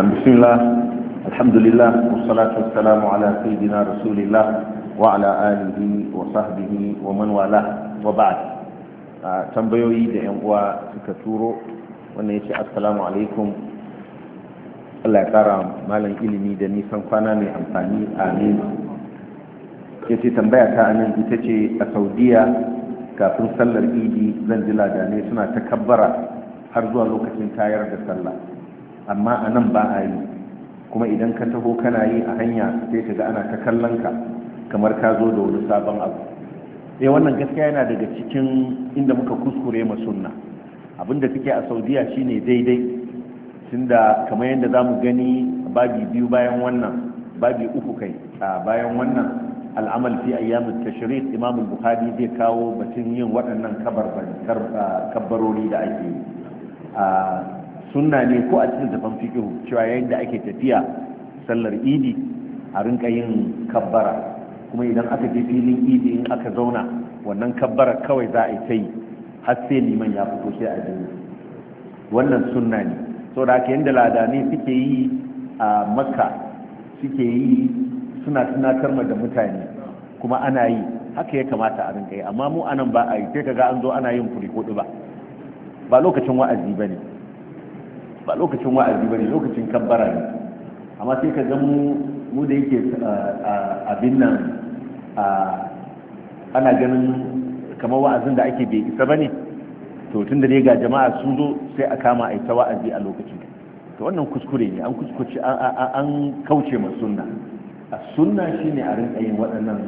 الرحمن بسم الله الحمد لله والصلاة rasulillah على سيدنا رسول الله وعلى آله وصحبه ومن والاه وبعد tambayoyi da yan uwa suka turo wannan ya ce assalamu alaikum Allah ya kara malam ilimi da nisan kwana mai amfani amin ya ce tambaya ta nan ita ce a saudiya kafin sallar idi zan ji ladane suna ta kabbara har zuwa lokacin tayar da sallah amma a nan ba a yi kuma idan ka taho kana yi a hanya sai ka ga ana ta kallon ka kamar ka zo da wani sabon abu eh wannan gaskiya yana daga cikin inda muka kuskure ma sunna abinda suke a saudiya shine daidai tunda kamar yadda za mu gani babi biyu bayan wannan babi uku kai a bayan wannan al'amal fi ayyamin tashrik imam bukhari zai kawo batun yin waɗannan kabarori da ake yi sunna ne ko a cikin tafan fiƙi cewa yayin da ake tafiya sallar idi a rinka yin kabbara kuma idan aka je filin idi in aka zauna wannan kabbara kawai za a yi ta yi har sai liman ya fito sai a je wannan sunna ne so da aka yadda ladane suke yi a makka suke yi suna tunatar da mutane kuma ana yi haka ya kamata a rinka yi amma mu anan ba a yi sai kaga an zo ana yin furi huɗu ba ba lokacin wa'azi ba ne ba lokacin wa'azi ba ne lokacin kabbara ne amma sai ka gan mu da yake abin nan ana ganin kamar wa'azin da ake bai isa ba ne to tun da dai ga jama'a su zo sai a kama a ta wa'azi a lokacin to wannan kuskure ne an kuskuce an kauce ma sunna a sunna shine a rinka yin waɗannan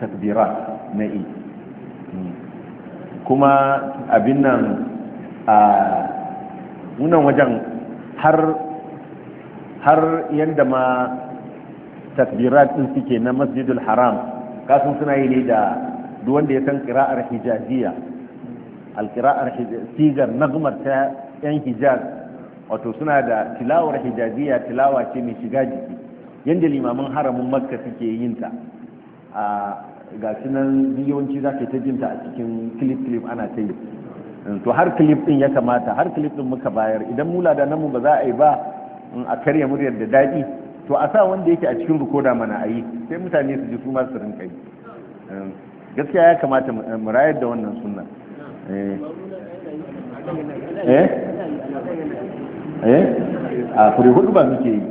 takbira na i hmm. kuma abin nan a munan wajen har har yadda ma takbirat din suke na masjidul haram kasan suna yi ne da duwanda wanda ya san kira'ar hijaziya alkira'ar sigar nagmar ta yan hijaz wato suna da tilawar hijaziya tilawa ce mai shiga jiki yadda limamin haramun makka suke yin ta a ah, ga shi nan yawanci za ta jinta a cikin clip clip ana ta yi Mm, to har clip din ya kamata har clip din muka bayar idan mu nan mu ba za a yi ba mm, a karya muryar da dadi, to a sa wanda yake a cikin rikoda mana a yi sai mutane su ji su masu rinka yi mm, gaskiya ya kamata eh, mu rayar da wannan sunna eh, eh eh a kuri hudu ba muke yi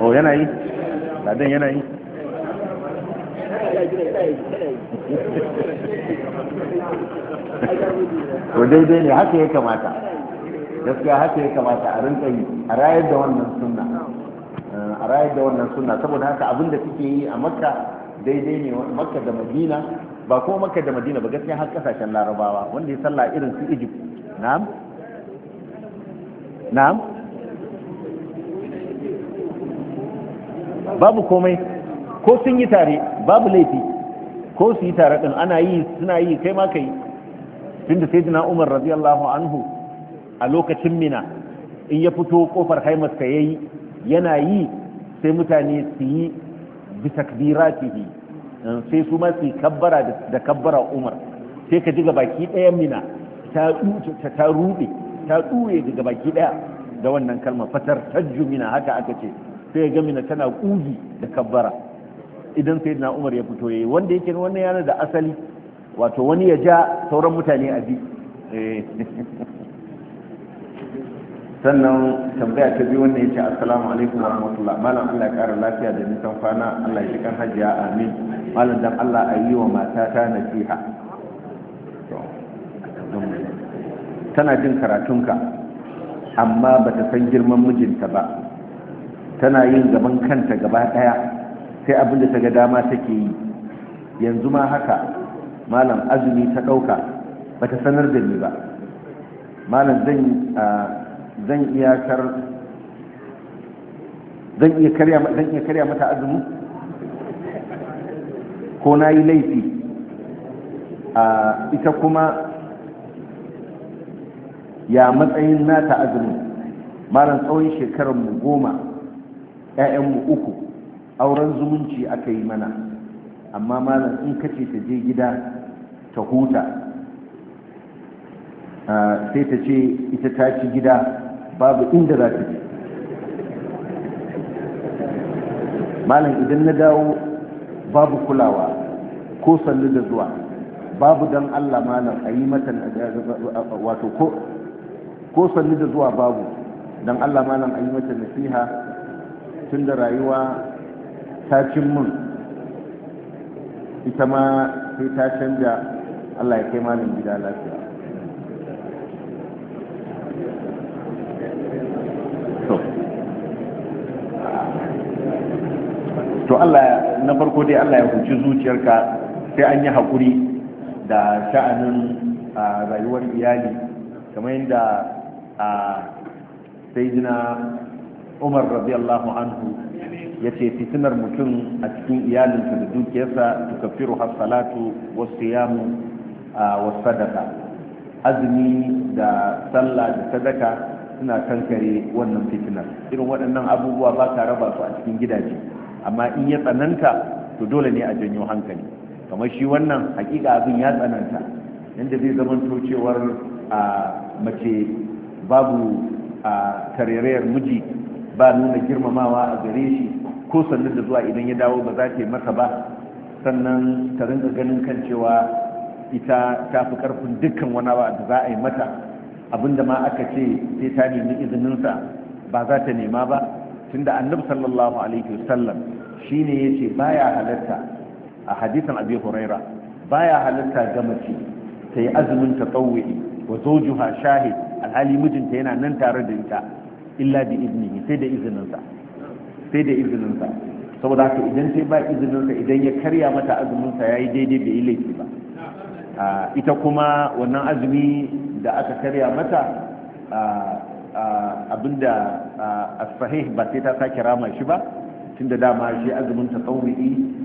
oh yana yi ladan yana yi to daidai ne haka ya kamata gaskiya haka ya kamata a rinka yi a rayar da wannan sunna a rayar da wannan sunna saboda haka abin da suke yi a makka daidai ne makka da madina ba ko makka da madina ba gaskiya har kasashen larabawa wanda ya sallah irin su egypt na'am na'am babu komai ko sun yi tare babu laifi ko su yi tare din ana yi suna yi kai ma ka yi tunda sayyidina Umar radiyallahu anhu a lokacin mina in ya fito kofar haimar ka yayi yana yi sai mutane su yi bi takbiratihi sai su ma su kabbara da kabbara Umar sai ka jiga baki mina ta ta ta rube ta tsuye daga baki ɗaya da wannan kalma fatar mina haka aka ce sai ga mina tana kugi da kabbara idan sayyidina Umar ya fito yayi wanda yake wannan yana da asali wato wani ya ja sauran mutane a bi eh. sannan tambaya ta biyu wanda ya ce assalamu alaikum wa rahmatullah malam Allah ya kara lafiya da nisan kwana Allah ya kan hajiya amin malam dan Allah a yi wa matata nasiha tana jin karatunka amma ba ta san girman mijinta ba tana yin gaban kanta gaba ɗaya sai abinda ta ga dama take yi yanzu ma haka malam azumi ta ɗauka ba ta sanar da ni ba malam zan iya karya mata azumi ko na yi laifi a ita kuma ya matsayin nata azumi? malam tsawon mu goma mu uku auren zumunci aka yi mana amma malam in kace ta je gida ta huta sai ta ce ita ta ci gida babu inda za ta je malam idan na dawo babu kulawa ko sallu da zuwa babu don allah malam a yi mata wato ko ko sallu da zuwa babu don allah malam a yi mata nasiha tun da rayuwa ta cin mun ita ma sai ta canja allah ya kai malin gida lafiya to allah na farko dai allah ya huci zuciyarka sai an yi haƙuri da sha'anin rayuwar iyali kamar yadda sai umar radiyallahu anhu ya ce fitinar mutum a cikin iyalinsa da dukiyarsa tukaffiru hassalatu wasu a wasu sadaka azumi da sallah da sadaka suna kankare wannan fitinar irin waɗannan abubuwa ba ka raba su a cikin gidaje amma in ya tsananta to dole ne a janyo hankali kamar shi wannan hakika abin ya tsananta yadda zai zama cewar a mace babu a miji ba nuna girmamawa a gare shi ko sannan da zuwa idan ya dawo ba za ta yi masa ba sannan ta rinka ganin kan cewa ita ta fi karfin dukkan wani ba da za a yi mata abinda ma aka ce sai ta nemi izininsa ba za ta nema ba da annabi sallallahu alaihi wasallam ce ba ya halatta a hadisan abi huraira ya halatta ga mace ta yi azumin ta tatawwi wa zawjuha shahid alhali mijinta yana nan tare da ita illa bi izinin sai da izininsa sai da izininsa saboda haka idan sai ba izininsa idan ya karya mata azuminsa ya yi daidai da laifi ba ita kuma wannan azumi da aka karya mata abinda asfahih ba sai ta sake rama shi ba tunda dama shi azumin ta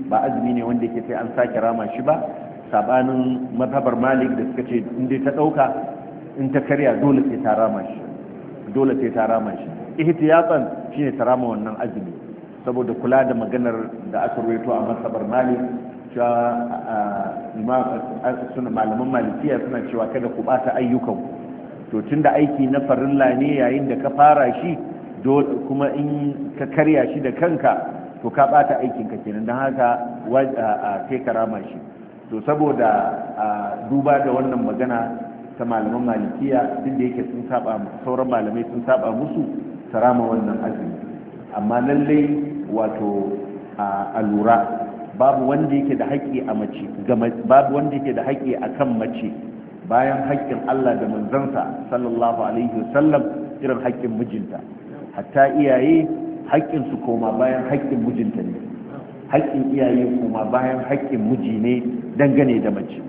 ba azumi ne wanda yake sai an sake rama shi ba sabanin mazhabar malik da suka ce inda ta dauka in ta karya dole sai ta rama shi dole sai ta rama shi ihtiyatan shine ta rama wannan azumi saboda kula da maganar da aka rubuto a masabar mali. cewa suna malaman malikiya suna cewa kada ku bata ayyukan to tunda aiki na farilla ne yayin da ka fara shi kuma in ka karya shi da kanka to ka bata aikinka kenan don haka sai karama shi to saboda duba da wannan magana ta malaman malikiya duk yake sun saba sauran malamai sun saba musu sarama wannan azumi amma lallai wato a lura babu wanda yake da haƙƙi a kan mace bayan haƙƙin Allah da manzansa sallallahu alaihi wasallam irin haƙƙin mijinta hatta iyaye haƙƙinsu su koma bayan haƙƙin mijinta ne haƙƙin iyaye koma bayan haƙƙin miji ne dangane da mace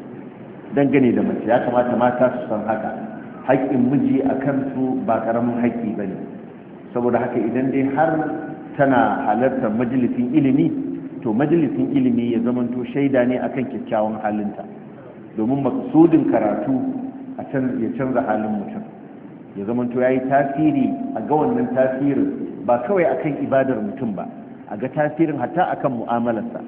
dangane da mace ya kamata mata su san haka haƙƙin miji a kansu ba ƙaramin haƙƙi bane saboda haka idan dai har tana halartar majalisin ilimi to majalisin ilimi ya zamanto shaida ne akan kyakkyawan halinta domin maksudin karatu a can ya canza halin mutum ya zamanto ya yi tasiri a ga wannan tasirin ba kawai akan ibadar mutum ba a ga tasirin hatta akan mu'amalarsa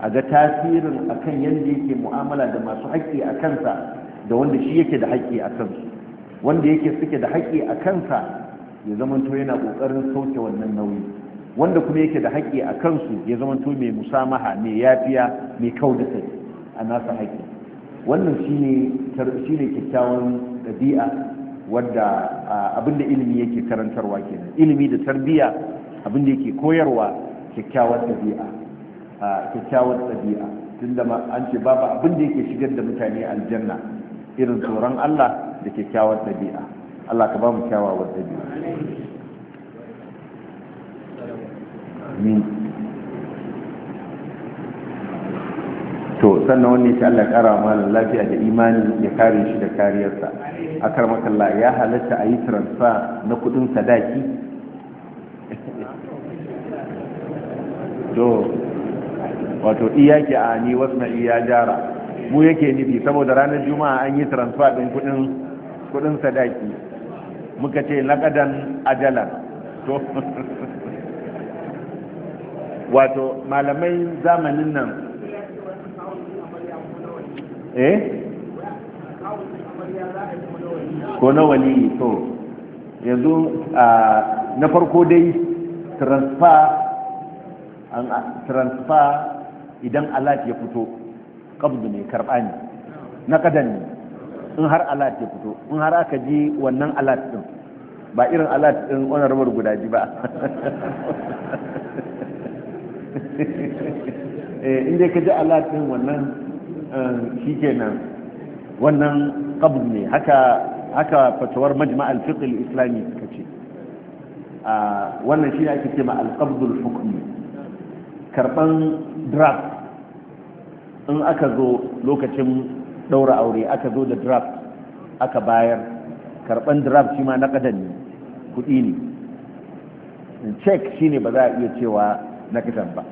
a ga tasirin akan yadda yake mu'amala da masu haƙƙi a kansa da wanda shi yake da haƙƙi a kansu wanda yake suke da haƙƙi a kansa ya zamanto yana kokarin sauke wannan nauyi wanda kuma yake da haƙƙi a kansu ya zamanto mai musamaha mai yafiya mai kau da kai a nasa haƙƙi wannan shine ne kyakkyawan ɗabi'a wadda abinda ilimi yake karantarwa kenan ilimi da tarbiyya abinda yake koyarwa kyakkyawar ɗabi'a kyakkyawar ɗabi'a tunda an ce babu abinda yake shigar da mutane aljanna irin tsoron Allah da kyakkyawar ɗabi'a Allah ka ba mu kyawawan amin to sannan wani shi Allah kara malam lafiya da imani ya kare shi da kariyarsa a karmakalla ya halatta a yi transfer na kudin sadaki to wato iyaki a ni wasu na iya jara mu yake nufi saboda ranar juma'a an yi transfer din kudin sadaki muka ce lagadan ajalan to wato malamai zamanin nan eh ko na wani to yanzu na farko dai transfer idan alat ya fito kabdu ne karɓa ne na kadan in har alat ya fito in har aka ji wannan alat din ba irin alat din honorable guda ji ba eh, inda ka ji alat din wannan eh, shi kenan wannan qabd ne haka haka fatawar majma' al-fiqh al-islami suka ce ah, wannan shi ne ake cewa al-qabd al hukm karban draft in aka zo lokacin ɗaura aure aka zo da draft aka bayar karɓan draft shi ma na ƙadan ne kuɗi ne check shi ne ba za a iya cewa na ƙadan ba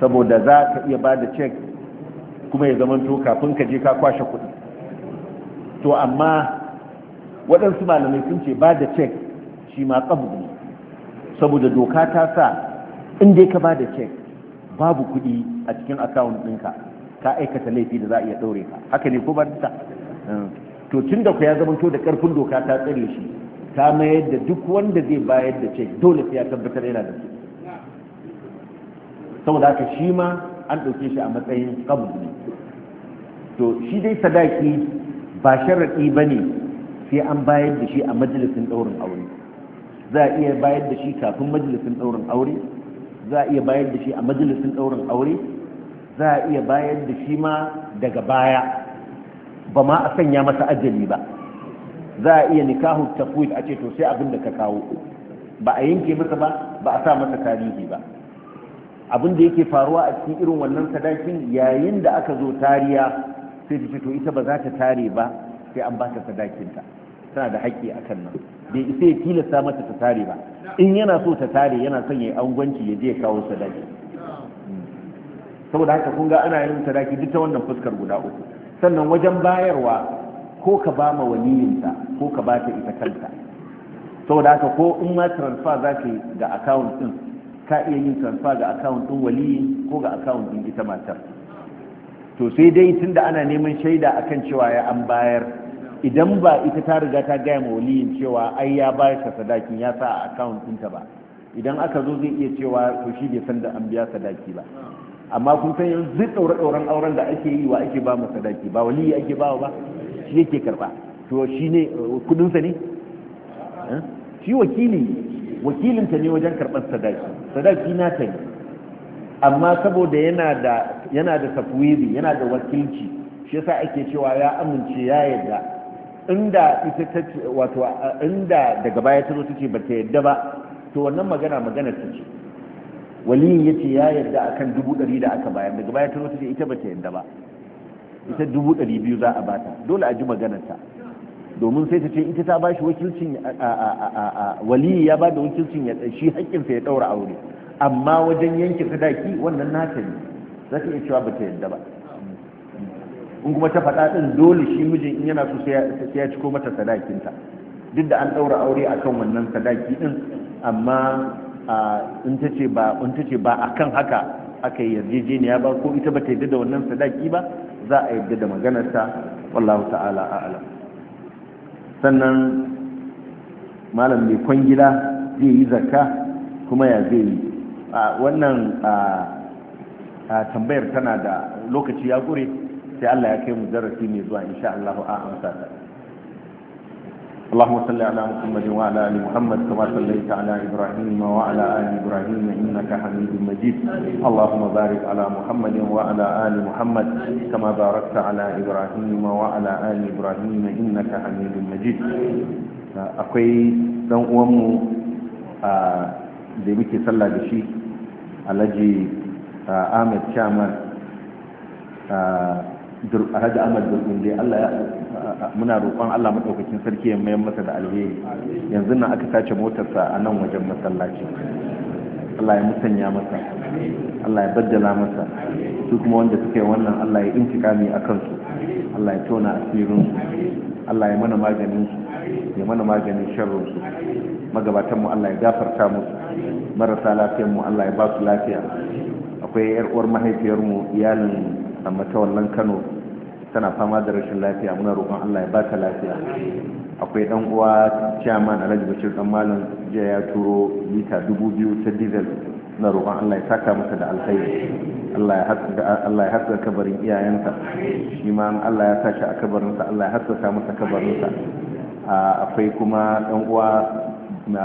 saboda za ka iya ba da check kuma ya zama to kafin ka je ka kwashe kuɗi to amma waɗansu malamai sun ce ba da check shi ma ƙabu ne saboda doka ta sa in dai ka ba da check babu kuɗi a cikin account ɗinka ta aikata laifi da za a iya ɗaure ka haka ne ko ba ta hmm. to tun da ku ya zamanto da ƙarfin doka ta tsare shi ta mayar da duk wanda zai bayar da ce dole sai ya tabbatar yana da su saboda haka shi ma an ɗauke shi a matsayin kabu ne to shi dai sadaki ba sharaɗi ba ne sai an bayar da shi a majalisin ɗaurin aure za a iya bayar da shi kafin majalisin ɗaurin aure za a iya bayar da shi a majalisin ɗaurin aure za a iya bayar da shi ma daga baya ba ma a sanya masa ajali ba za a iya nikahu tafwid a ce to sai abin da ka kawo ba a yanke masa ba ba a sa masa tarihi ba abin da yake faruwa a cikin irin wannan sadakin yayin da aka zo tariya sai ta to ita ba za ta tare ba sai an ba ta sadakinta tana da haƙƙi a kan nan bai isa ya tilasta mata ta tare ba in yana so ta tare yana son ya yi angwanci ya je ya kawo sadaki saboda haka kun ga ana yin sadaki duk ta wannan fuskar guda uku sannan wajen bayarwa ko ka ba ma waliyinta ko ka ba ta ita kanta saboda haka ko in ma transfer za ka yi ga account din ka iya yin transfer ga account din waliyin ko ga account din ita matar to sai dai tunda ana neman shaida akan cewa ya an bayar idan ba ita ta riga ta gaya ma waliyin cewa ai ya bayar ta sadakin ya sa a account ɗinta ba idan aka zo zai iya cewa to shi bai san da an biya sadaki ba amma kun san yanzu duk ɗaure auren da ake yi wa ake ba masa sadaki ba wani waliyi ake ba ba shi yake karɓa to shi ne uh, kudinsa ne eh? shi wakili wakilinta ne wajen karɓar sadaki sadaki na ta ne amma saboda yana da yana da safwiri yana da wakilci shi yasa ake cewa ya amince ya yadda inda ita ta wato uh, inda daga baya ta zo tace ce ba ta yadda ba to wannan magana magana ta ce waliyin ya ce ya yarda a kan dubu ɗari da aka bayar daga baya ta ce ita ba ta yarda ba ita dubu ɗari biyu za a bata dole a ji maganarta domin sai ta ce ita ta ba shi wakilcin waliyi ya ba da wakilcin ya shi haƙƙinsa ya ɗaura aure amma wajen yanke sadaki wannan nata ne za ta iya cewa ba ta yarda ba in kuma ta faɗa ɗin dole shi mijin in yana so sai ya ciko mata sadakinta duk da an ɗaura aure akan wannan sadaki ɗin amma in ta ce ba in ta akan haka aka yi yarjejeniya ba ko ita ba ta yadda da wannan sadaki ba za a yadda da maganarta wallahu ta'ala a'lam sannan malam mai kwangila zai yi zakka kuma ya zai yi wannan tambayar tana da lokaci ya gure sai Allah ya kai mu darasi mai zuwa insha Allah a amsa ta اللهم صل على محمد وعلى ال محمد كما صليت على ابراهيم وعلى ال ابراهيم انك حميد مجيد اللهم بارك على محمد وعلى ال محمد كما باركت على ابراهيم وعلى ال ابراهيم انك حميد مجيد akwai dan uwanmu da muke sallah da shi alhaji ahmed chairman Alhaji Ahmad dai Allah muna roƙon Allah maɗaukakin sarki ya mayar masa da alheri yanzu nan aka tace motarsa a nan wajen masallaci Allah ya musanya masa Allah ya baddala masa su kuma wanda suka yi wannan Allah ya intikami a kansu Allah ya tona asirin Allah ya mana maganin su ya mana maganin sharrin su magabatan mu Allah ya gafarta musu marasa lafiyar mu Allah ya ba su lafiya akwai yar uwar mahaifiyar mu iyalin amma ta wannan kano tana fama da rashin lafiya muna roƙon allah ya baka lafiya akwai dan uwa chairman alhaji bashir dan malam jiya ya turo lita dubu biyu ta diesel na roƙon allah ya saka masa da alkhairi allah ya haska kabarin iyayensa shi ma allah ya sa shi a kabarinsa allah ya haska masa kabarinsa akwai kuma dan uwa na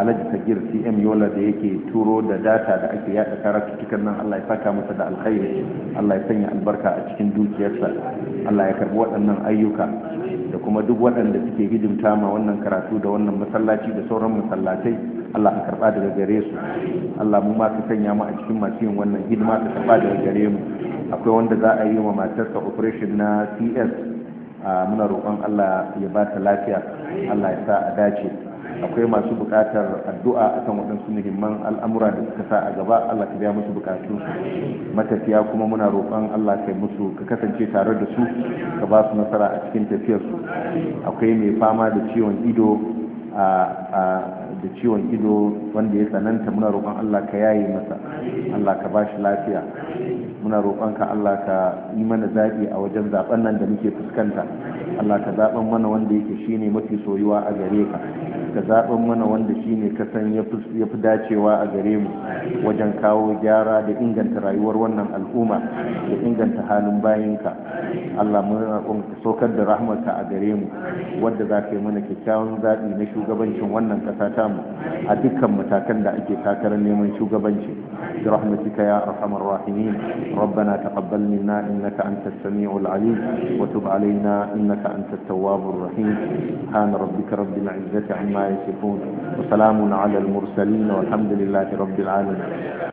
alhaji sagir cm yola da yake turo da data da ake yada karatuttukan nan allah ya saka masa da alkhairi allah ya sanya albarka a cikin dukiyarsa allah ya karbi waɗannan ayyuka da kuma duk waɗanda suke hidimta ma wannan karatu da wannan masallaci da sauran masallatai allah a karba daga gare su allah mu ma ka sanya mu a cikin masu yin wannan hidima ka karba daga gare mu akwai wanda za a yi wa matarsa operation na cs muna roƙon allah ya ba ta lafiya allah ya sa a dace akwai masu bukatar addu'a a akan waɗansu muhimman al'amura da suka sa a gaba Allah ka biya musu bukatu matafiya kuma muna roƙon Allah ka musu ka kasance tare da su ka ba su nasara a cikin tafiyarsu akwai mai fama da ciwon ido a da ciwon ido wanda ya tsananta muna roƙon Allah ka yaye masa Allah ka ba shi lafiya muna roƙonka Allah ka yi mana zaɓi a wajen zaɓen nan da muke fuskanta Allah ka zaɓen mana wanda yake shine mafi soyuwa a gare ka ka zaɓen mana wanda shine ka san ya fi dacewa a gare mu wajen kawo gyara da inganta rayuwar wannan al'umma da inganta halin bayinka Allah muna roƙonka da rahmarka a gare mu wanda za ka yi mana kyakkyawan zaɓi na shugabancin wannan ƙasa tamu a dukkan matakan da ake takarar neman shugabanci برحمتك يا أرحم الراحمين ربنا تقبل منا إنك أنت السميع العليم وتب علينا إنك أنت التواب الرحيم سبحان ربك رب العزة عما يصفون وسلام على المرسلين والحمد لله رب العالمين